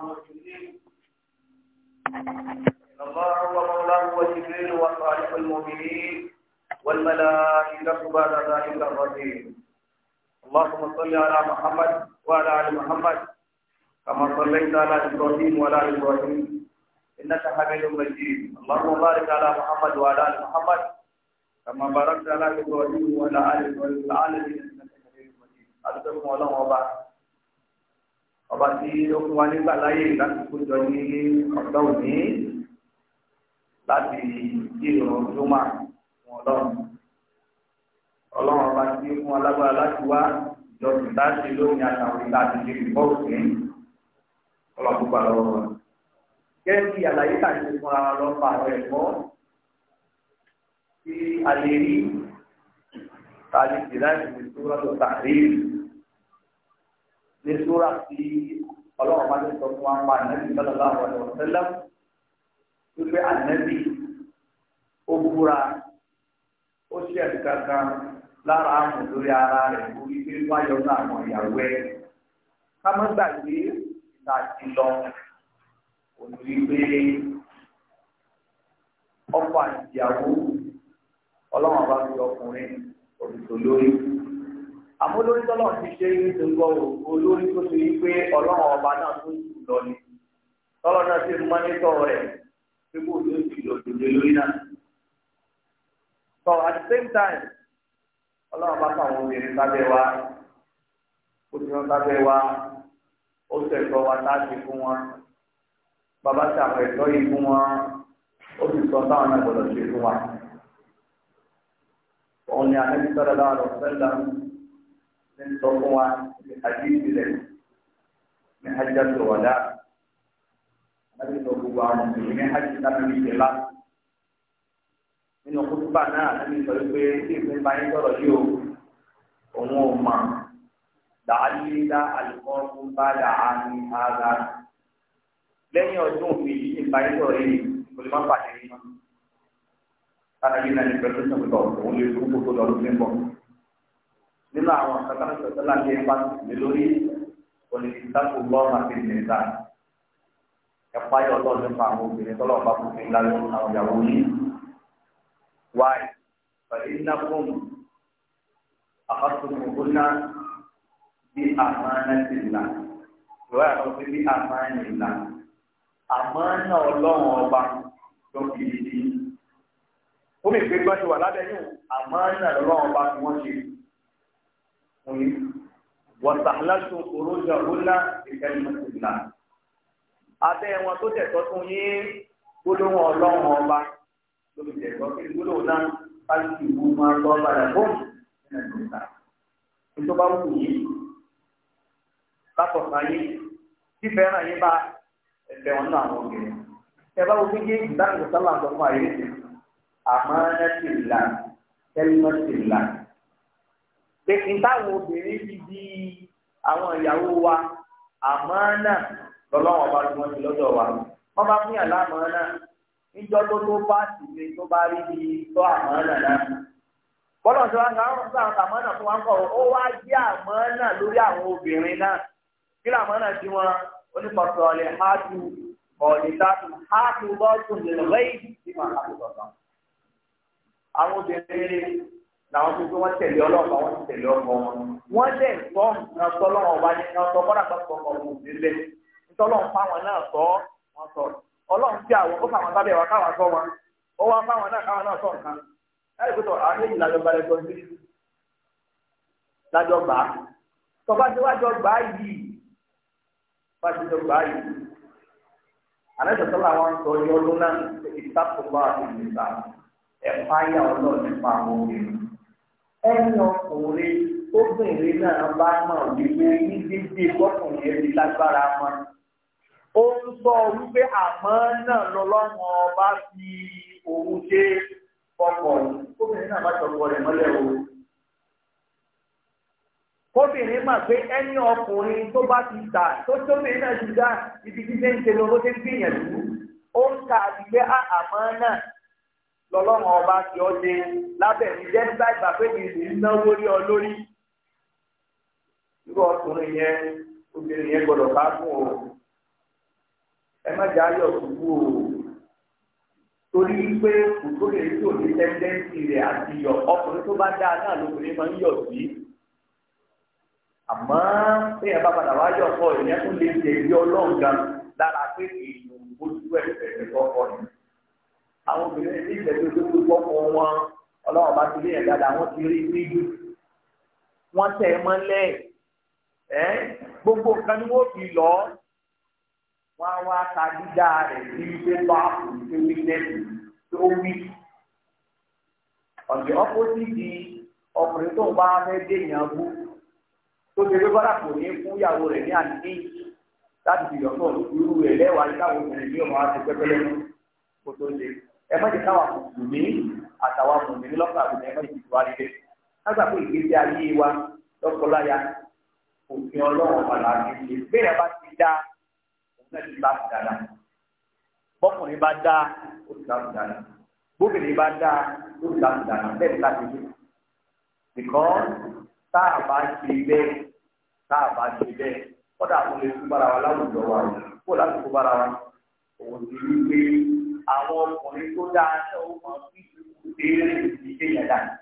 المسلمين الله هو مولاه وجبريل وصالح المؤمنين والملائكة بعد ذلك الرحيم اللهم صل على محمد وعلى آل محمد كما صليت على إبراهيم وعلى آل إبراهيم إنك حميد مجيد اللهم بارك على محمد وعلى آل محمد كما باركت على إبراهيم وعلى آل إبراهيم العالمين إنك حميد مجيد أرجوكم اللهم وبارك ọba tí ó fún wa nígbà láyè láti kójọ ní ọ̀dọ́ òní láti ìrọ̀rùn tó máa fún ọlọ́run ọlọ́run ọba tí ó fún wa lágbára láti wá ìjọsìn láti lóyún àtàwọn ìlà àti ìdílé bọ́ọ̀sì ọlọ́run gbà lọ́wọ́ wa. gẹ́gẹ́ bí àlàyé tàbí fún ara lọ fa àwọn ẹ̀kọ́ tí a rí tàbí tìlá ìwé tó rọ́ọ̀tọ̀ tàbí ní súra tí ọlọ́run bá ti sọ fún wa ń pa ànábì sallallahu alaihi wasallam wípé ànábì ó búra ó ṣe ẹ̀dù kankan lára àmọ̀ lórí ara rẹ̀ kó wípé wáyọ̀ náà àwọn ìyàwó ẹ̀ ká gbàgbé ìta ti lọ òní wípé ọkọ àti ìyàwó ọlọ́run bá fi ọkùnrin òdìtò lórí àmúlórí tọ́lọ̀ ti ṣe ìdòǹgọ̀ olórí tó ti rí pé ọlọ́run ọba náà tó jù lọ ni tọ́lọ̀ náà ti mọ́nítọ̀ rẹ̀ pé kò ní ìlò òdòdó lórí náà. so at the same time ọlọ́run bá táwọn obìnrin lábẹ́ wa ó ti wọn lábẹ́ wa ó sẹ̀tọ́ wa láti fún wọn bàbá ti àwọn ẹ̀tọ́ yìí fún wọn ó sì sọ táwọn náà gbọ́dọ̀ ṣe fún wa. òun ni àlejò sọ́dọ̀ láwọn ọ̀sẹ̀ lánàá ń sọ fún wa ní àdìsí rẹ̀ ní ajá tó wà dá. Láti sọ gbogbo àwọn mùsùlùmí ní ajá tábí mi jẹ láti. Nínú kútúbà náà láti sọ pé tí ìpín bá yín sọ̀rọ̀ yìí o, òun ò mọ̀. Làálí dá àlùkò fún bá dàá ní ara. Lẹ́yìn ọdún mi yìí ìpín bá yín sọ̀rọ̀ yìí, kò lè má pàdé yín mọ́. Lára yìí náà ni pẹ̀lú sọ̀rọ̀ òun lè kú kó tó lọ lóṣèlú bọ̀ nínú àwọn kàkàrà sọ̀tẹ́lá ní ipa mi lórí olùsìtàkù lọ́wọ́ àti ìrìnta ẹ̀pá yọ lọ́ọ̀ nípa àwọn obìnrin tọ́lọ̀ bá fún mi lálẹ́ àwọn ìyàwó yìí wáyé pẹ̀lú iná fún àkọsùn ògbóná bí àmánà ti là ìwé àkọsùn bí àmánà ìlà àmánà ọlọ́run ọba tó fi di. ó mi gbé gbọ́dọ̀ wà lábẹ́ yìí àmánà ọlọ́run ọba ni wọ́n ṣe wàsàlásù òrójà ọ̀húnlá ìkẹlẹ́mọ̀sílá. abẹ́ wọn tó tẹ̀tọ́ fún yín gbólóhùn ọlọ́run ọba lórí tẹ̀tọ́ sí gbólóhùn náà káàkiri ìwú máa lọ padà bóun nínú ìta. nítorí bá wù yín látọ̀ka yín fífẹ́ràn yín bá ẹgbẹ́ wọn náà wọ̀ gẹ̀ẹ́. ẹ bá wo bí yé ìdáhùn sálà sọ fún àyè àmọ́ ẹ̀ ti là kẹlẹ́mọ̀sílá. kékin táwọn obìnrin fi di àwọn ìyàwó wa àmọ́ náà lọ́lọ́wọ́ bá tí wa wọ́n bá fún yàn lámọ́ náà níjọ́ tó tó bá sì tó bá rí tó àmọ́ náà náà bọ́lá wọn kàn án sọ àmọ́ náà fún wa ń kọ̀ ó wá àmọ́ náà lórí àwọn obìnrin náà kí làmọ́ náà wọn ọ̀lẹ̀ ọ̀lẹ̀ làwọn tó gbé wọn tẹ̀lé ọlọ́ọ̀bá wọn ti tẹ̀lé ọkọ wọn wọn dẹ̀ sọ nǹkan tó lọ́wọ́ ọba ní nǹkan tó kọ́dà pàtó ọkọ̀ ọ̀hún délé ntọ́lọ́n fáwọn náà sọ wọn sọ ọlọ́run tí àwọn ó fáwọn sábẹ́ wa káwọn sọ wọn ó wá fáwọn náà káwọn náà sọ nǹkan ẹ̀rí pé tọ́ àwọn méjì lájọ gba lẹ́jọ́ sí lájọ gbà á tọ́ba tí wájọ gbà á yìí bá ti jọ gbà á yìí àlẹ́ sọ̀tọ́ làwọn sọ yọ lónà ìtàkùnbá àti ìgbà ẹ̀fáyà ọlọ́ọ̀ nípa àwọn obìnrin ẹni ọkùnrin obìnrin náà bá mọ̀ wípé ní dídí bọ́kùnrin ẹni lágbára mọ́ ó ń sọ wípé àmọ́ náà lọ́lọ́mọ ọba fi òun ṣe ọkọ̀ obìnrin náà bá tọkọ rẹ̀ mọ́lẹ̀ o kóbìnrin mà pé ẹni ọkùnrin tó bá ti dà tó tóbìnrin náà ti dà ibi tí ṣe ń ṣe lọ ló ṣe gbìyànjú ó ń ka àdìgbé ah, àmọ́ náà lọ́lọ́run ọba ti ọ lé lábẹ́ mi jẹ́nìbá ìgbà pé mi lè náwó rí ọ lórí. irú ọkùnrin yẹn obìnrin yẹn gbọdọ̀ bá fún o ẹ má jà ayọ̀ kúkú o torí pé kòtò lè tí ò ní tẹ́ńdẹ́ńtì rẹ̀ àti yọ ọkùnrin tó bá dáa náà lóbìnrin máa ń yọ̀ sí àmọ́ bẹ́ẹ̀ bá padà wá yọ̀ ìyẹn tún lè jẹ̀bi ọlọ́run gan lára pé èèyàn ojú ẹ̀ fẹ̀rẹ̀ lọ́kọ̀ àwọn obìnrin ní ìgbẹ́ tó tó gbọ́kọ̀ wọn ọlọ́wọ́ bá ti lé yẹn dáadáa wọ́n ti rí níjú wọ́n tẹ̀ ẹ́ mọ́lẹ̀ ẹ́ gbogbo nǹkan ni wọ́n fi lọ wọ́n á wá ka dídá rẹ̀ sí ilé bá òṣìṣẹ́ wíńdẹ́ẹ̀sì tó wí ọ̀dẹ̀ ọ́pọ́sìtì ọkùnrin tó ń bá fẹ́ dé èèyàn bú tó ṣe pé bọ́dà kò ní fún ìyàwó rẹ̀ ní àdínkì láti fi yọ̀tọ̀ irú rẹ̀ lẹ́wàá ní káwọn obìnrin ní ọmọ wa ti pẹ́pẹ́lẹ́ kó tó ṣe ẹ má ti káwa mùsùlùmí àtàwa mùsùlùmí lọ́kàn àbùdá ẹ má ti tù wá níbẹ̀ lágbà pé ìgbésí ayé wa lọ́kọláya òfin ọlọ́run padà ní ṣe bẹ́ẹ̀ bá ti dá òun náà ti bá ti dára bọ́kùnrin bá dá ó ti bá ti dára bóbìnrin bá dá ó ti bá ti dára bẹ́ẹ̀ ni láti dé nìkan tá a bá ṣe bẹ́ẹ̀ tá a bá ṣe bẹ́ẹ̀ kọ́dà àwọn olè fún bára wa láwùjọ wa kó láti kó bára wa òun ti rí pé àwọn ọkùnrin tó dáa ṣe ó mọ sí ìbéèrè ìdíje yẹn dání.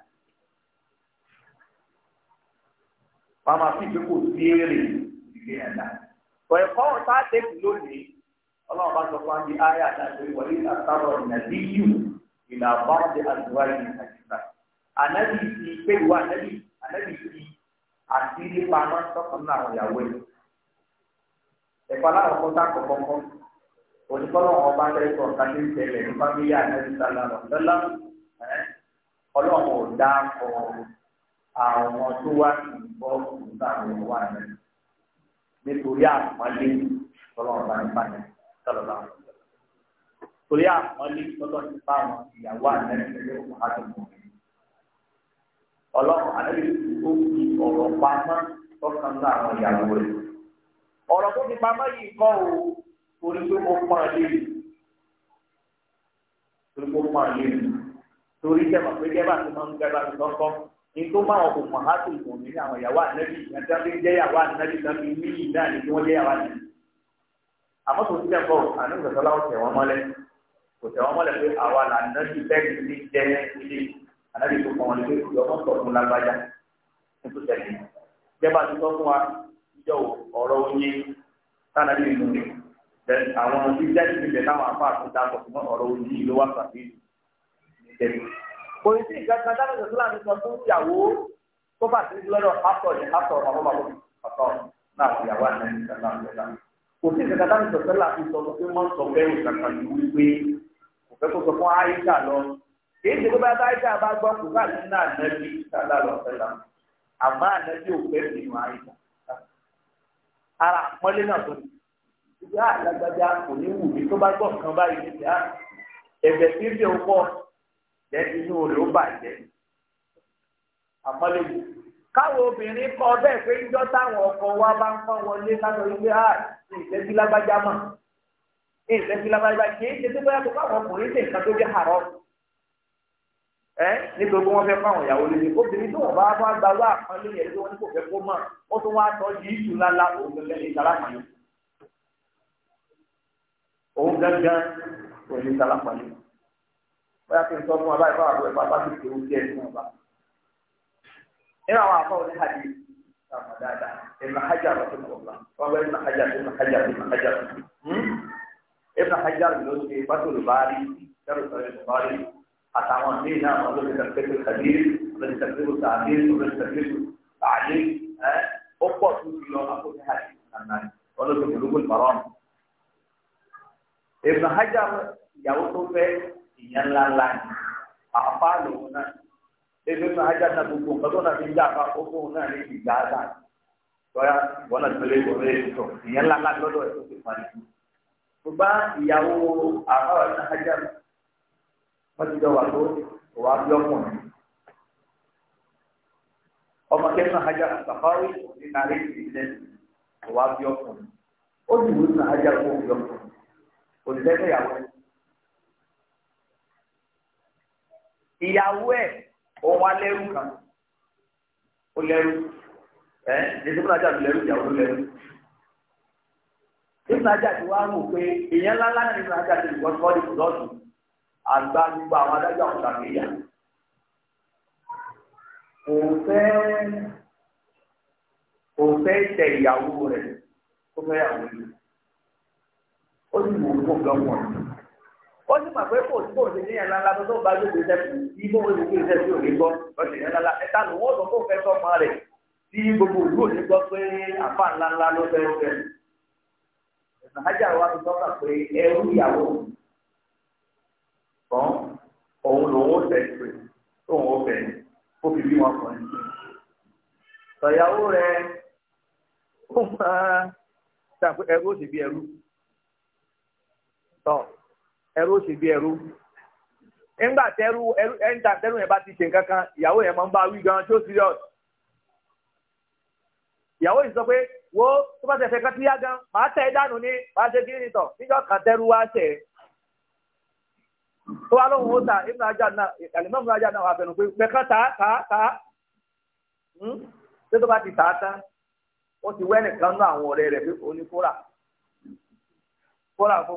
wọ́n máa fi ìgbé kò sí èrè ìdíje yẹn dání. ọ̀ẹ̀kọ́ ọ̀tá tẹ̀sí lónìí ọlọ́run bá sọ fún wa ní ayé àtàkùn ìwọlé àtàwọn ìnàdí yìí ìlà báńdé àdúrà yìí nàìjíríà. ànábì ti pé ìwọ ànábì ànábì ti àti ilé pamọ́ sọ́kùnrin àwọn ìyàwó ẹ̀. ẹ̀kọ́ aláwọ̀ kọ́ta kọ̀ọ̀kan onígbọ́nà ọba tẹ́lifọ̀ kájú tẹ̀lé ní fámílì ànábi sálàmù lọ́lá ọlọ́run ò dá kọ àwọn tó wá sí ìbọn nígbà wọn wà ní nítorí àpọ́nlé ọlọ́run bá nípa ní sálọ́lá torí àpọ́nlé lọ́dọ̀ ti bá àwọn ìyàwó ànábi tẹ̀lé òkú àdùnkù ọlọ́run ànábi tó fi ọ̀rọ̀ pamọ́ tọ́kàn náà àwọn ìyàwó rẹ̀ ọ̀rọ̀ tó fi pamọ́ yìí kọ́ o. torí pé mo pọ́n lé mi torí mo pọ́n lé mi torí jẹ́mọ̀ pé jẹ́ bá máa ń gbẹ bá ti ní tó máa ọkọ̀ mọ̀hátì ìbò ní àwọn ìyàwó ànẹ́bí ìyàtí jẹ́ ìyàwó ànẹ́bí láti ní ìdá ni kí wọ́n jẹ́ ìyàwó ànẹ́bí. àmọ́ tó ti dẹ́kọ̀ àníkùsọ̀tọ́ láwọn tẹ̀ wọ́n mọ́lẹ̀ kò tẹ̀ mọ́lẹ̀ pé àwa là ànẹ́bí bẹ́ẹ̀ ilé ànẹ́bí tó bẹ́ẹ̀ àwọn bíjẹ́tì bíbẹ̀ táwọn afọ àtúntà kọ̀ fún ọ̀rọ̀ òní ìlú wa pàdé ìtẹ̀lé. kò sí ìgbàgbọ́n dáná ìṣẹ̀lẹ̀ láti sọ fún ìyàwó tó bá ti lọ́dọ̀ pásọ̀ ní pásọ̀ ọ̀rọ̀ bàbá pásọ̀ náà ti yàwó àti ẹni kankan lọ́dọ̀. kò sí ìgbàgbọ́n dáná ìṣẹ̀lẹ̀ láti sọ fún pé wọ́n sọ bẹ́ẹ̀ kankan ní wípé kò fẹ́ kó sọ fún Àìṣà lọ. kì í ìyá àlágbájá kò ní wù mí tó bá gbọ́ nǹkan báyìí ìyá ah, ẹ̀bẹ̀ tí ń bẹ̀ ń pọ̀ lẹ́yìn inú rẹ̀ ó bàjẹ́ àpọ́nlé yìí káwọn obìnrin kọ bẹ́ẹ̀ pé ńjọ́ táwọn ọkọ wa bá ń pọ́n wọlé lásán ilé à ìṣẹ́jú lágbájá mọ̀ ìṣẹ́jú lágbájá kì í ṣe tó bá yàtọ̀ káwọn ọkùnrin ṣe nǹkan tó jẹ́ àárọ̀ ẹ nítorí wọn fẹ́ fáwọn ìyàwó lóde obìnrin tó wọn bá wá gba wá àpọ́nlé yẹn tó wọn kò fẹ́ kó mọ̀ ó tún wá tọ́jú ìṣù lálá òun lọ́lẹ́ òun gángan òní sálápàlẹ bóyá kí n sọ fún wa báyìí báwa bóyá bàbá ti kéwù díẹ̀ fún wa bá nínú àwọn afọ òní hàdí sàmà dáadáa ìmọ̀ hajj àrò tó kọ̀ ọ̀la wọn bẹ ìmọ̀ hajj ìmọ̀ hajj ìmọ̀ hajj ìmọ̀ hajj ló ṣe pàtó ló bá rí sẹ́rù sọ̀rọ̀ ló bá rí àtàwọn ní iná àwọn ló ti kàdí ló ti tẹ̀síkù sàdí ló ti ó pọ̀ tó ti lọ afọ òní hàdí sàmà wọn ló ti gbòlógbòlù Ibn Hajar ìyàwó tó fẹ́ ìyẹn ńlá ńlá ni àfa lòun náà Ibn Hajar náà gbogbo nǹkan tó náà fi ń jà bá ó fóun náà ní ìgbà àgbà tọ́yà wọn náà tẹ̀lé ìwọ̀n rẹ̀ sọ ìyẹn ńlá ńlá lọ́dọ̀ ẹ̀ tó ti parí. gbogbo ìyàwó àfa Ibn Hajar wọ́n ti jọ wà tó wà bí ọkùnrin ọmọ kẹsàn-án Hajar àtàkọ́rí ní nàrí ìdílé wà bí ọkùnrin ó dùn ní Hajar kó olùfẹ́fẹ́ ìyàwó ẹ̀. ìyàwó ẹ̀ ó wá lẹ́rú kan ó lẹ́rú ẹ̀ jésù fúnra jà ló lẹ́rú ìyàwó ló lẹ́rú. jésù fúnra jà ti wá wò pé èèyàn ńláńlá náà ní fúnra jà ti lùkọ́ sọ́ọ́dì lọ́sù àgbà gbogbo àwọn adájọ́ àwọn ìṣàkóyà. òun fẹ́ òun fẹ́ tẹ ìyàwó rẹ̀ kó fẹ́ yàwó yìí ó sì wò ó gan wọn ó sì mà pé kò sí kò sí ní ẹ̀ ńláńlá tó tó bá gbèsè sẹ́kù tí bó wo gbèsè sẹ́kù ò ní gbọ́ ọ̀sẹ̀ yẹn ńláńlá ẹ̀ta ló wọ́n sọ fún fẹ́ sọ́mọ rẹ̀ tí gbogbo òlú ò ní gbọ́ pé àfa ńláńlá ló fẹ́ fẹ́ ẹ̀sán ajá wa ti tọ́ka pé ẹrú ìyàwó kan òun lòun ó tẹ̀ pé tóun ó fẹ́ ó fi bí wọn kàn ní. sọ̀yàwó rẹ̀ ó máa ṣàpẹ́ ẹrú ó sì bí ẹrú. tọ ẹrú ó ṣe bí ẹrú ńgbà tẹrú ẹrú ẹńtà tẹrú yẹn bá ti ṣe ìyàwó yẹn máa ń bá wí gan serious ìyàwó yìí sọ pé wo tó bá kan gan dànù ní ṣe kíni kan tẹrú wá tó wá lóhùn ó ta ajá náà ajá náà wà pé mẹ́kan tà tà tà tó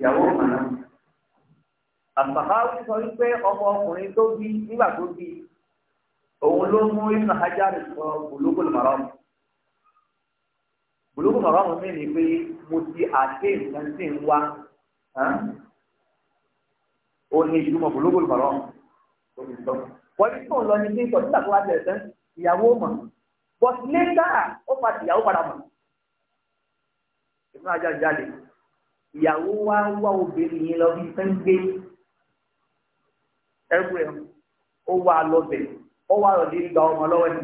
ìyàwó màá. Àbàkáwí sọ wípé ọmọ ọkùnrin tó bí nígbà tó bí òun ló mú Ibn Hajar sọ Bulugul Maram. Bulugul Maram mi ni pé mo ti àdé nǹkan tí ń wá. Ó ní ìdúmọ̀ Bulugul Maram tó fi sọ. Wọ́n ti tún lọ ní kí n sọ nígbà tó wá tẹ̀ sẹ́ńtì ìyàwó mọ̀ but later ó padà ìyàwó padà mọ̀. Ibn jáde ìyàwó wa wá obìnrin yẹn lọ bí fẹ́ ń gbé ẹrú ẹ̀ ó wà lọ́bẹ̀ ó wà lọ́dẹ gba ọmọ lọ́wọ́ ẹ̀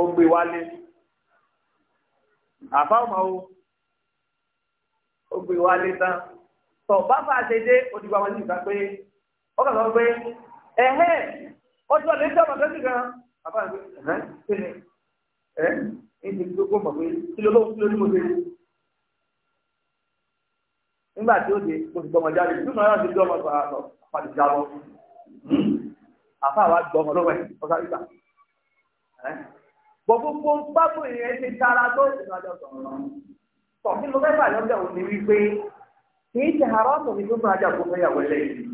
ó gbé wálé àbá ọmọ o ó gbé wálé tán tọ̀ bàbá àtẹ̀dé òdìgbò àwọn ìgbà pé ó kàn sọ pé ẹ̀hẹ́ ọjọ́ lè jẹ́ ọmọ tó ti gan bàbá àgbẹ̀ ẹ̀hẹ́ kí níbi tí ó mọ̀ pé kí ló lóun kí ló ní mo ṣe rí nígbà tí ó dé mo sì gbọmọ jáde bí mo náà ti gbọmọ àpàdé jábọ àfa wa gbọmọ lọ́wọ́ ẹ̀ ọ̀sán ìgbà bọ̀ gbogbo pápó ìyẹn ti tara tó ìrìnàjò sọ̀rọ̀ tọ̀ kí ló fẹ́ fà lọ́jọ́ òní wípé kìí ṣe àrọ́ sọ̀rọ̀ tó máa jàpọ̀ fẹ́ yàwó ẹlẹ́yìn.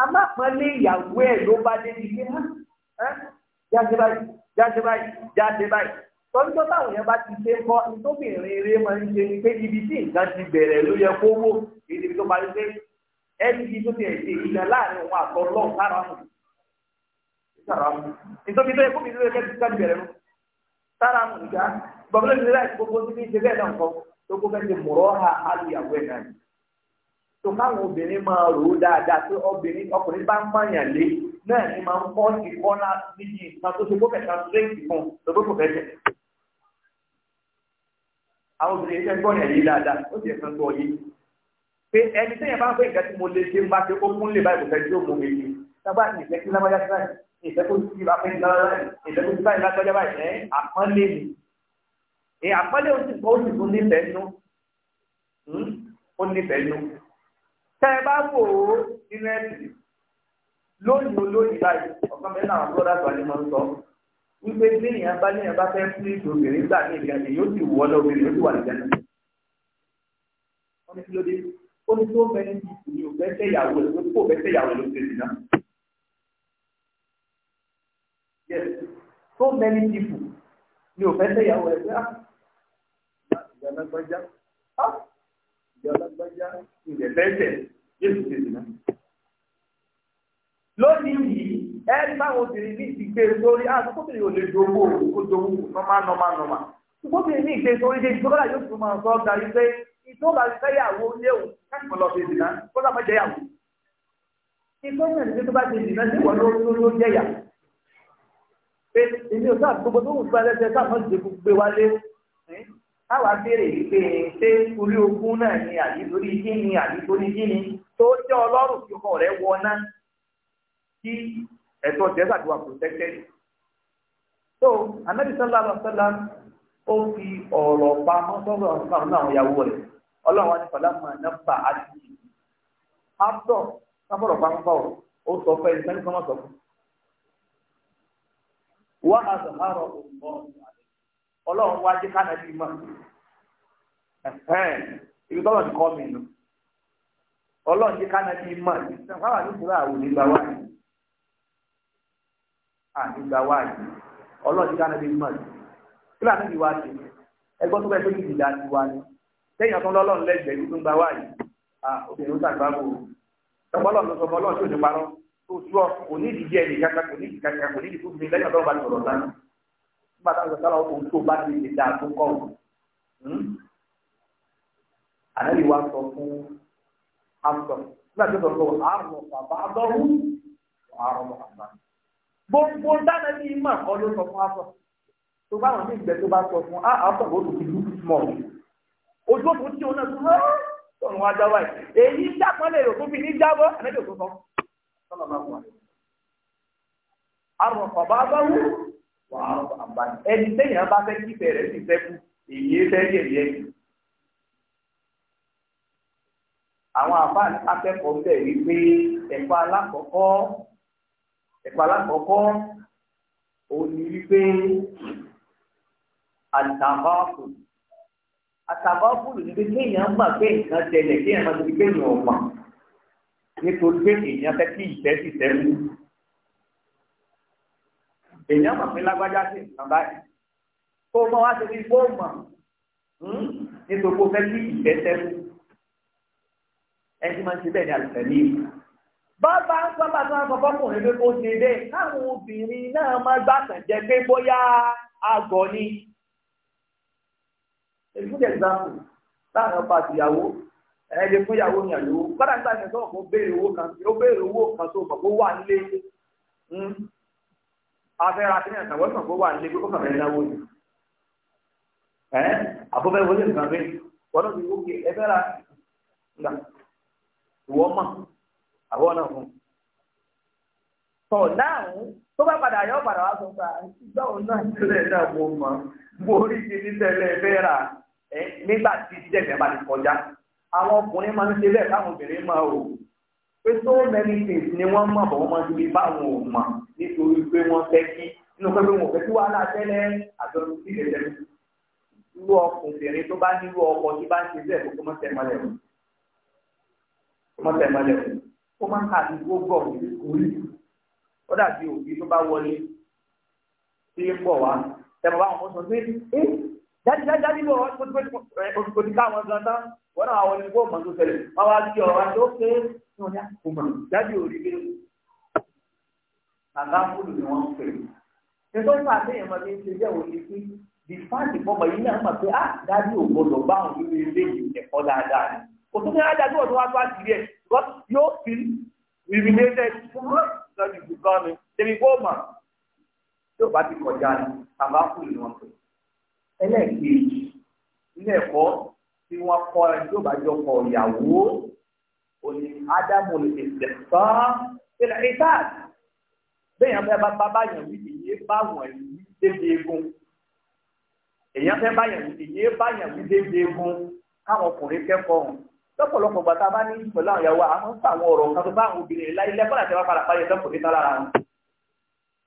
a máa pọn lé ìyàwó ẹ̀ ló bá dé ní ilé jáde báyìí jáde báyìí jáde báyìí tọ́jọ́ táwọn yẹn bá ti ṣe ń kọ́ nítòbìnrin eré máa ń ṣe ni pé ibi tí nǹkan ti bẹ̀rẹ̀ ló yẹ kó wò èdè tó parí pé ẹni ibi tó ti ẹ̀ ṣe ìgbà láàrin òun àtọ́ lọ́ọ̀ sáramù sáramù nítorí tó yẹ kó mi lóye kẹ́kẹ́ ká ti bẹ̀rẹ̀ lọ sáramù ìjà bàbá mi láì gbogbo tó ti ṣe bẹ́ẹ̀ náà kọ́ tó kó fẹ́ẹ́ ti mọ̀rọ́ ha alùyàwó ẹ̀ náà tó káwọn obìnrin máa rò ó dáadáa pé obìnrin ọkùnrin bá ń pààyàn lé náà ni máa ń kọ́ ìkọ́ná níbi nǹkan tó ṣe kó fẹ̀ka straight àwọn obìnrin iṣẹ́ gbọ́ ẹ̀yìn dáadáa ó sì ẹ̀sán gbọ́ yìí pé ẹni tẹ́yìn bá ń pè nǹkan tí mo lè ṣe ń bá ṣe ó kún lè báyìí kò tí ó mú mi ni sábà ìfẹ́ kí lábájá sí báyìí ìfẹ́ kó sí bá fẹ́ ìfẹ́ kó sí báyìí lábájá báyìí ẹ̀ àpọ́nlé mi ẹ̀ àpọ́nlé ó sì kọ́ ó sì tún nífẹ̀ẹ́ nú hmm? ó nífẹ̀ẹ́ nú tẹ́ ẹ bá wò ó nínú wípé léèyàn bá léèyàn bá fẹ́ fún ètò obìnrin gbà ní ìgbà èyí ó sì wọ́ lọ obìnrin ó sì wà nìjẹ́ náà. wọ́n ní kí ló ó ní tó fẹ́ ní ìsìn ò fẹ́ fẹ́ ẹ̀ ló kó fẹ́ fẹ́ ẹ̀ ló ṣe ìdìná. so many people ni ò fẹ́ fẹ́ ìyàwó ẹ̀ pé ah, ìyá alágbájá ah, ìyá alágbájá ìrẹ̀lẹ́sẹ̀ yéṣù ṣe ìdìná. lónìí yìí ẹ̀rí báwọn obìnrin ní ìgbé sórí àtúkọ́bìnrin ah, ò lè jogbo òkòjòwò nọ́mà nọ́mà nọ́mà ìgbóbìnrin ní ìgbé sórí dé ìjọba yóò tún máa sọ gàrí pé ìjọba fẹ́yàwó léwu káàkiri lọ kó ní tó bá ti sí wọn ló èmi ò tó wù fún ẹlẹ́sẹ̀ gbé káwa béèrè ṣé orí náà ni kí kí ẹ̀tọ́ tẹ́sà ti wà protected. so anabi sallallahu alaihi wa sallam ó fi ọ̀rọ̀ pamọ́ sọ́dọ̀ ọ̀sán náà àwọn ìyàwó rẹ̀ ọlọ́run àti fàlámà nàfà àti àbọ̀ sábọ̀rọ̀ pamọ́ ó sọ fẹ́ ẹni sẹ́ni sọ́mọ́ sọ fún. wá àzọ̀hárọ̀ òǹkọ́ ọlọ́run wá jẹ́ kánàbí mọ́ ibi tọ́lọ̀ ti kọ́ mi nù ọlọ́run jẹ́ kánàbí mọ́ ìsìnkú àwọn àdúgbò àwọn ànígbà wáyé ọlọ́ọ̀dì ká nàbí mọ̀ sí kí lànà bí wá ṣe ẹgbọ́n tó bẹ́ẹ̀ tó yìí dáa ti wá ní sẹ́yìn ọ̀tún lọ́lọ́run lẹ́gbẹ̀ẹ́ yìí tó ń gba wáyé obìnrin ó sàgbà wò ó ọlọ́run tó sọ ọmọ ọlọ́run tó ní parọ́ tó tú ọ kò ní ìdíje ẹnì kankan kò ní ìdí kò ní ìdí tó fi lẹ́yìn ọ̀dọ́ bá ti sọ̀rọ̀ lánàá hmm? nígbà táwọn gbogbo dáná ní ìmọ̀ ọdún sọ fún afọ tó bá wọn ní ìgbẹ́ tó bá sọ fún afọ ah, ó tó fi dú mọ̀ ojú òfin tí òun náà tún hàn tóun wá jáwá yìí èyí dápọ́nlẹ̀ rò tó fi ní jábọ́ àlejò tó sọ sọlọ bá wà. àrùn ọ̀pọ̀ bá bá wù wà àrùn àǹbáyé ẹni téèyàn bá fẹ́ kí fẹ̀rẹ̀ sì fẹ́kù èyí fẹ́ yẹ̀ yẹ̀ àwọn àbá akẹ́kọ̀ọ́ bẹ̀ wípé ẹ̀kọ́ alákọ̀ọ́kọ́ ẹ̀kọ́ alákọ̀ọ́kọ́ òun ni wípé àtàbáfù àtàbáfù ni pé kéèyàn gbà pé nǹkan tẹlẹ̀ kéèyàn máa ti gbẹ̀yìn ọ̀pọ̀ nítorí pé èèyàn fẹ́ kí ìfẹ́ sì tẹ́lú èèyàn mọ̀ pé lágbájá sí nǹkan báyìí tó mọ wá sí ní fóòmù nítorí pé ó fẹ́ kí ìfẹ́ tẹ́lú ẹni tí máa ń ṣe bẹ́ẹ̀ ni àlùfẹ́ ní ìlú bàbá sábà tó ń sọ fọkùnrin pé kó ṣe bẹ́ẹ̀ káwọn obìnrin náà máa gbàtàn jẹ pé bóyá àgọ́ ni. a good example láàrin ọba àtìyàwó ẹ lè fún ìyàwó yàn lówó kọ́dà nígbà yẹn sọ̀rọ̀ fún béèrè owó kan ó béèrè owó kan tó mọ̀ kó wà nílé hmm. afẹ́ra kí ni àtàwọn ìmọ̀ kó wà nílé kó kàn fẹ́ náwó ni ẹ àfọwọ́fẹ́ wọlé nǹkan fẹ́ wọ́n náà ti wọ́n kí ẹ àbọ̀ náà fún un. tọ̀ náà tó bá padà yọ padà wá sọ pé ah, ìgbà òun náà tẹ́lẹ̀ náà mo mọ̀ mo rí kíní tẹ́lẹ̀ fẹ́ rà nígbà tí jẹ̀mẹ̀ bá ti kọjá àwọn ọkùnrin máa ń ṣe bẹ́ẹ̀ káwọn obìnrin máa ò pé so many things ni wọ́n mọ̀ bọ́ wọ́n máa ń ṣe báwọn ò mọ̀ nítorí pé wọ́n fẹ́ kí inú pé wọn ò fẹ́ kí wàhálà tẹ́lẹ̀ àjọ ìdílé tẹ́lẹ̀ irú ọkùnrin tó bá ó máa ń ka àdúgbò gbọ̀ orí ó dàbí òbí tó bá wọlé tí ń bọ̀ wá tẹ̀mọ̀ bá wọn sọ pé ẹ jáde jáde jáde bọ̀ wọ́n kò ti ká àwọn gan tán wọ́n náà wọlé kó mọ̀ tó tẹ̀lé wọ́n wá sí ọ̀rọ̀ àti ókè ní ọjà kò mọ̀ jáde òrí pé àgbà fúlù ni wọ́n ń pè é tó ń pàṣẹ ìmọ̀ bí ń ṣe jẹ́ òní sí the fact ìfọ̀mọ̀ yìí náà mọ̀ pé á dájú ògbọ́dọ̀ bá òun nínú ilé ìjẹ̀kọ́ dáadáa kò tó ní á dájú wá bá ti ẹ̀ What you feel humiliated that you become tẹ̀lé fọ́ọ̀mà tí o bá ti kọjá ni bàbá kù ní wọn pè. Ẹlẹ́ẹ̀kejì ilé ẹ̀kọ́ tí wọ́n kọ́ ẹ tí o bá jọ kọ ìyàwó òní Ádámù ìṣẹ̀ tán ìlẹ̀ ìtàn. Bẹ́ẹ̀ yẹn fẹ́ bá bàbá yẹn wí ìyé bá wọ̀n yìí débi egun. Èyàn fẹ́ bá yẹn wí ìyé bá yẹn wí débi egun káwọn ọkùnrin kẹ́kọ̀ọ́ lọ́pọ̀lọpọ̀ gbàtà bá ní pẹ̀lú àwọn ìyàwó àwọn sàwọn ọ̀rọ̀ kan tó bá àwọn obìnrin láyé lẹ́kọ́ láti wá padà báyọ̀ lọ́pọ̀ níta lára wọn.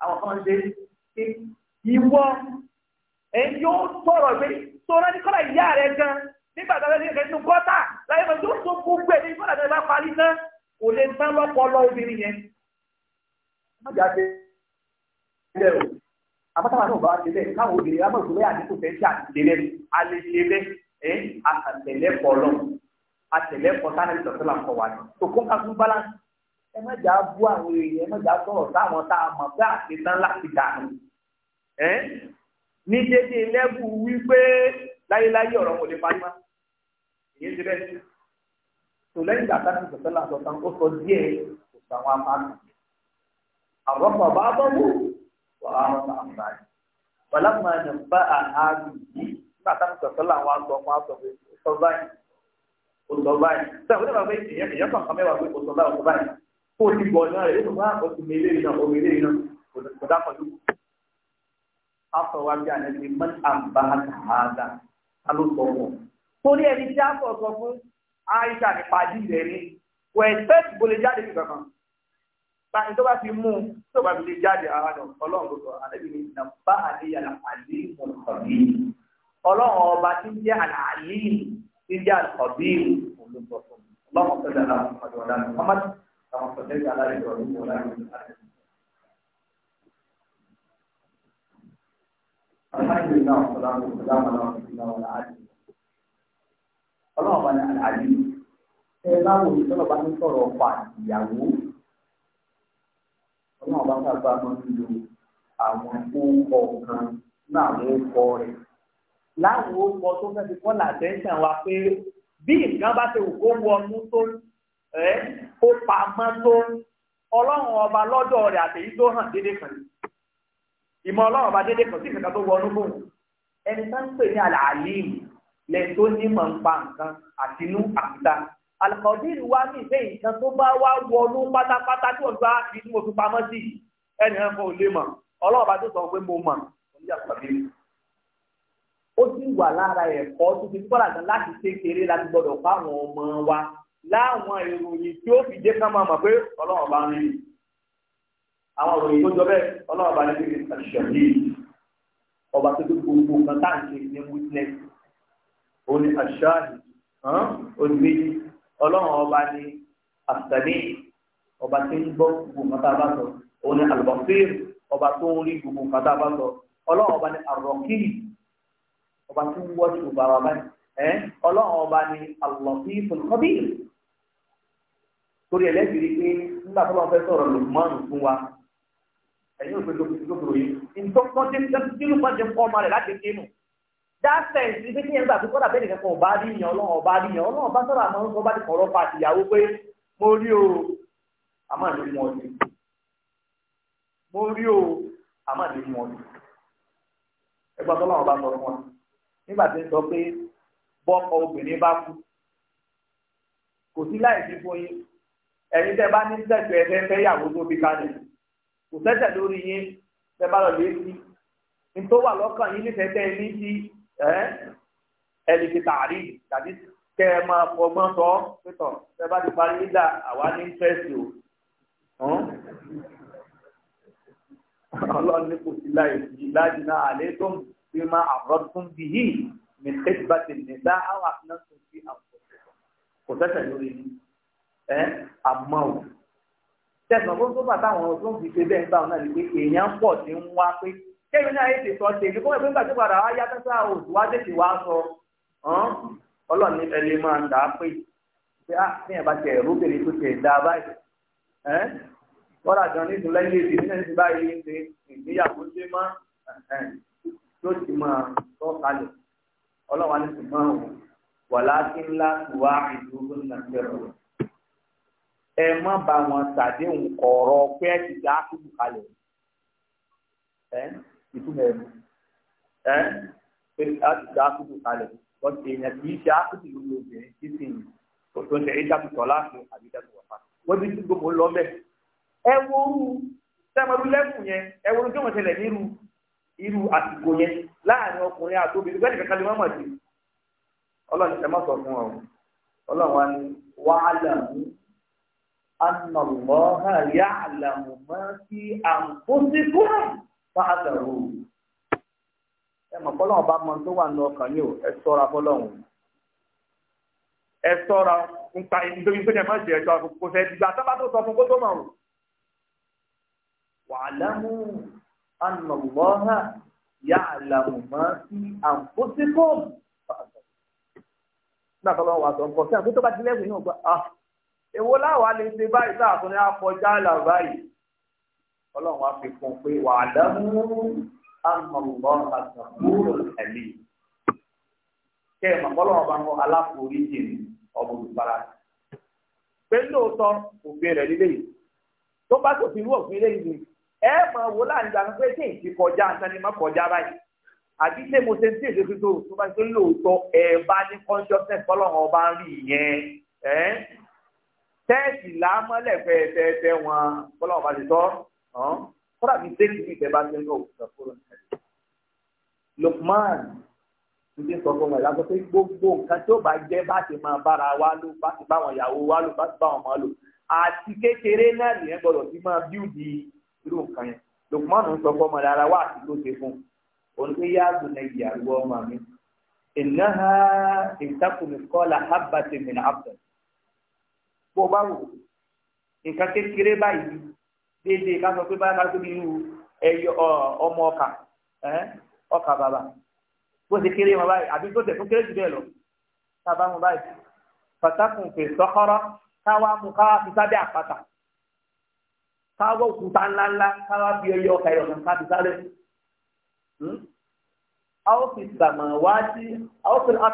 àwọn kan ṣe pé ìwọ ẹ̀ yóò sọ̀rọ̀ pé sọ̀rọ̀ ní kọ́lá ìyá rẹ̀ gan nígbà tó lẹ́sìn kẹ́sìn kọ́tà láyé mọ̀ yóò tó gbogbo ẹ̀ ní kọ́lá tó bá parí ná kò lè tán lọ́pọlọ àtẹ̀lẹ́ ẹ̀kọ́ sáré ìtọ́sílà kọ̀ wá ní. tòkó ká tún balance ẹ má jà bú àwọn èèyàn ẹ má jà sọ̀rọ̀ sáwọn tá a mọ̀ pé àti tán láti dànù. ẹ ní dédé lẹ́bù wípé láyéláyé ọ̀rọ̀ kò lè parí mọ́ ìyẹn ti bẹ́ẹ̀. tò lẹ́yìn ìgbà sáré ìtọ́sílà sọ tán ó sọ díẹ̀ kò sọ àwọn àwọn bàbá bọ́ wù wọ́n á rọ́ta àǹfààní. wàlámà ní bá àhárù yìí o sọ báyìí sábà nígbà pé èèyàn èèyàn kàn kàn mẹ́wàá pé o sọ báyìí o sọ báyìí kó o ti gbọ́ ọ̀nà rẹ̀ yóò wá o ti mèlè iná o mèlè iná kò dá pọ̀jù. afọ wa bí àná ti mọ àbá kàáda a ló sọ wọn. torí ẹni tí a sọ sọ fún Aisha ní pàdé rẹ ni kò ẹsẹ ìbòlè jáde nígbà kan báyìí tó bá fi mú tó bá fi lè jáde ara nà ọlọ́run tó sọ àdébí ni nàbá àdéyàlà àdéhùn ọ̀sán yìí ọlọ́run ọba tí ń jẹ́ àlàyé yìí إذا القبيل اللهم صل على محمد وعلى آل محمد كما صليت على إبراهيم وعلى آل إبراهيم الحمد لله والصلاة والسلام على رسول الله وعلى آله ọlọ́run ní àlàyé ẹ láwọn olùsọ́nà bá ń sọ̀rọ̀ ọ̀pá ìyàwó ọlọ́run bá ń sábà máa ń lo àwọn orúkọ kan náà àwọn orúkọ rẹ̀ láwọn orúkọ tó fẹ́ fi kọ́là tẹ́sán wa pé bí nǹkan bá ti wù kó wọnú tó ẹ́ kó pamọ́ tó ọlọ́run ọba lọ́dọ̀ rẹ̀ àtẹ̀yí tó hàn dédé kan ìmọ̀ ọlọ́run ọba dédé kan sí nǹkan tó wọnú bò ẹni tá ń pè ní àlàálìm lẹ́yìn tó ní mọ̀ ń pa nǹkan àtinú àtìta àlùkọ́dìrì wa ní ìfẹ́ nǹkan tó bá wá wọnú pátápátá tí wọ́n gbá ibi tí mo pamọ́ sí ẹnì ó sì wà lára ẹ̀kọ́ tó ti kọ́ra gan láti kékeré láti gbọ́dọ̀ fáwọn ọmọ wa láwọn ìròyìn tí ó fi jẹ́ ká máa mọ̀ pé ọlọ́run bá ń rí i àwọn ìròyìn tó jọ bẹ́ẹ̀ ọlọ́run bá ní bí àṣẹ̀lì ọba tó tó gbogbo kan tá à ń ṣe ní witness ó ní àṣàlì olùgbé ọlọ́run ọba ní àṣàlì ọba tí ń gbọ́ gbogbo kan tá a bá sọ ó ní àlùbọ́sẹ̀rì ọba tó ń rí gbogbo kan tá a bá sọ ọlọ́run ọba ní àrọ̀kì ọba tí ń wọ́ọ̀ṣì ọba wa báyìí ẹ ọlọ́run ọba ni al-Latiful Khabir torí ẹlẹ́bìrì pé nígbà tó lọ́n fẹ́ sọ̀rọ̀ lò márùn fún wa ẹ̀yin òfin tó fi lókòrò yìí ìtọ́kọ́ tí nínú kan jẹ fọ́ ọmọ rẹ̀ láti ké nù dáṣẹ̀ ìsìn pé kí ẹ gbà pé kọ́dà bẹ́ẹ̀ nìkan kan ọba adìyàn ọlọ́run ọba adìyàn ọlọ́run ọba sọ̀rọ̀ àmọ́ ọba ti kọ̀rọ̀ pa àtìyàwó pé mo rí o àmọ́ àdé mú ọdún mo rí o àmọ́ àdé mú ọdún ẹgbẹ́ ọlọ́run ọba sọ̀rọ̀ fún wa nígbà tí ń sọ pé bọ́kọ obìnrin bá kú kò sí láì fi fún yín ẹ̀yin tẹ́ bá ní sẹ́gbẹ̀ẹ́ ẹ̀fẹ́ fẹ́yàwó tó fi kalẹ̀ kò sẹ́sẹ̀ lórí yín tẹ́ bá lọ lé sí nítorí wà lọ́kàn yín nífẹ̀ẹ́ tẹ́ ní sí ẹni tààrí tàbí kẹ́ ẹ máa fọgbọ́n sọ pẹ́tọ̀ tẹ́ bá ti parí nígbà àwa ní interest o ọlọ́run ní kò sí láì sí láti náà àlẹ́ tó ń بما عرضتم به من خطبة النساء أو أكننتم في أنفسكم kò sẹ́sẹ̀ lórí ni ẹ àmọ́ o tẹ̀sán tó tó bàtà àwọn tó ń fi ṣe bẹ́ẹ̀ ń bá wọn náà ni pé èèyàn pọ̀ sí ń wá pé kéwìn náà ètò ìsọ tèmi kó ẹgbẹ́ gbàtí padà wá yá tẹ́sán òòtù wá tètè wá sọ ọlọ́run ní ẹlẹ́ máa ń dà á pé pé á ní ẹ̀bá tẹ̀ ẹ̀rú bèrè tó tẹ̀ dá báyìí ẹ́ wọ́n rà jọ ní ìdúlẹ́yìn èdè nígbà tí báyìí ń ṣe ìgbéyàwó ṣe mọ́ yóò ti máa tọ́ kalẹ̀ ọlọ́wà ní ṣùgbọ́n o wà láti ńlá ìwà ìdúró ní nàìjíríà ẹ má bá wọn ṣàdéhùn kọ̀ọ̀rọ̀ pé ẹ ti dá kúrú kalẹ̀ ẹ ìtumọ̀ ẹ̀ ẹ pé ẹ ti dá kúrú kalẹ̀ wọ́n ti èèyàn kì í ṣe ákúrú lórí obìnrin tí sì ń tó ń tẹ̀ ẹ́ dákútọ̀ láti àbídàtú wọ̀fà wọ́n ti tún gbogbo lọ́mẹ̀ ẹ wo orú sẹ́mọ̀rú lẹ́kùn yẹn ẹ wo orú tí wọ́n ṣẹlẹ̀ nírú irú àsìkò yẹn láàrin ọkùnrin àti obìnrin bẹ́ẹ̀ nìkan kalẹ̀ mọ́mọ́ sí ọlọ́run ṣe má sọ fún ọ ọlọ́run wa ni wa'lamu anna Allaha ya'lamu ma fi anfusikum fa'dharu ẹ mọ̀ fọlọ́run bá mọ tó wà ní ọkàn yìí o ẹ sọ́ra fọlọ́run ẹ sọ́ra nípa nítorí pé ẹ má ṣe ẹ̀ṣọ́ kò fẹ́ dìgbà sábà tó sọ fún kó tó mọ̀ wa'lamu anàlọ́hà yà àlàmùmọ́ sí àǹfóṣíkò. nígbà tó lọ́wọ́ àtọ̀ nǹkan sí àgbẹ̀ tó bá dilẹ̀ ìwé náà gbà á. èwo láwa lè ṣe báyìí láàfin ní akọjá là báyìí. ọlọ́run wá fi kún un pé wà á dáhùn anàlọ́hà sàkúrò ẹ̀mí. kẹ́ ẹ̀ mọ̀ kọ́lọ́wọ́ bá ń kọ́ aláforíjì ọmọ olùbárà pé lóòótọ́ òfin rẹ̀ nílé yìí tó bá tòfin irú òfin ilé yìí ẹ mọ̀ wò láǹdà pé tí èyí ti kọjá nǹkan ni má kọjá báyìí àbí ṣé mo ṣe ń tèèdè fi tó tó bá ṣe lóòótọ́ ẹ bá ní consciousness fọlọ́run ọba ń rí ìyẹn ẹ tẹ́ẹ̀sì lámọ́lẹ̀ fẹ́ẹ́fẹ́ wọn fọlọ́run ọba ti tọ́ kódà mi ṣe níbi ìfẹ́ bá ṣe ń lọ òkúta fọlọ́run Lukman ndí sọ fún wọn ìlànà pé gbogbo nǹkan tó bá jẹ́ bá ti máa bára wa lò bá ti bá wọn ìyàwó wa lò bá ti bá wọn máa lò àti kékeré náà nìyẹn gbọdọ̀ ti máa bíúdi irú nǹkan yẹn Lukman ń sọ fọmọ rárá wá àti tó ṣe fún un òun pé yáàbù náà yà wọ ọmọ mi ìnáha ìtakùnmí kọ́lá habbatì min abdul bó bá wù nǹkan kékeré báyìí déédéé ká sọ pé báyìí ká sọ pé irú ẹyọ ọmọ ọkà ọkà bàbà bó ṣe kéré wọn báyìí àbí tó tẹ̀ fún kéré jù bẹ́ẹ̀ lọ tá bá mú báyìí fatakùn fè káwá mú káwá fi sábẹ́ àpáta káwọ́ òkúta ńláńlá káwá fi ẹyẹ ọkà ẹyọ kan káfi sáré àwọn hmm? fi sàmà wá sí àwọn fi hàn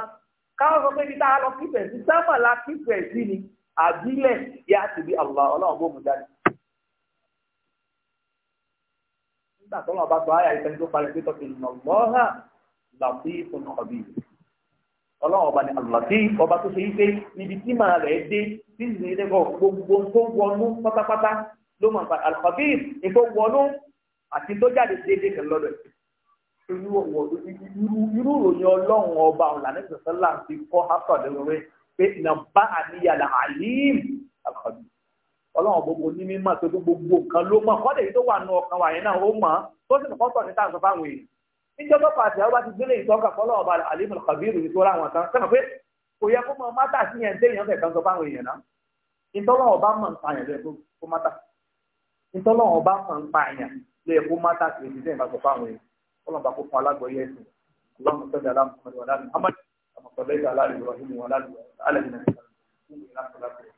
káwọ́ sọ pé ibi lọ kífẹ̀ sí sámà la kífẹ̀ sí ni àbílẹ̀ yá ti bí àwùlá ọlọ́run bó mu jáde. nígbà tó lọ́wọ́ bá sọ ayà ìfẹ́ tó parí pé tọ́kì nà lọ́hà làbí fún ọ̀bí ọlọ́run ọba ni àlùlàtí ọba tó ṣe yí pé ibi tí màá rẹ̀ dé tí ìsìn ilé kọ̀ gbogbo tó wọnú pátápátá ló mọ̀ nípa alkhabir ètò wọnú àti tó jáde déédéé kan lọ́dọ̀ irú ìròyìn ọlọ́run ọba ọ̀là ní sọ̀sọ́là ti kọ́ hafsa lórí pé nàbá àníyàlà alim alkhabir ọlọ́run gbogbo ní mímọ̀ tó gbogbo nǹkan ló mọ̀ kọ́dẹ̀ yìí tó wà nù ọkàn wàyẹn náà ó mọ̀ tó sì kọ́ sọ̀ ní táà sọ fáwọn èèyàn níjọba pàṣẹ ọba ti gbélé ìtọ́ka fọlọ́wọ́ ọba alim alkhabir ní tó ráwọn kan sẹ́nu pé kò yẹ kó mọ mátà sí yẹn téèyàn fẹ̀ kan sọ fáwọn èèyàn náà ìtọ́wọ́ ọba mọ̀ nǹkan yẹn lẹ́ nítorí wọn bá fà ń pa àyàn ló yẹ kó má tà sí èsì sẹ́yìn bá sọ fáwọn èèyàn ọlọ́run bá kó fún alágbọ̀ọ́yé ẹ̀sìn اللهم صل على محمد وعلى ال محمد كما صليت على ال ابراهيم وعلى ال ال ابراهيم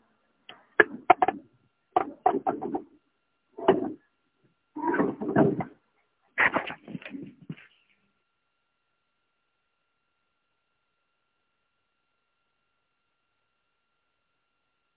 الى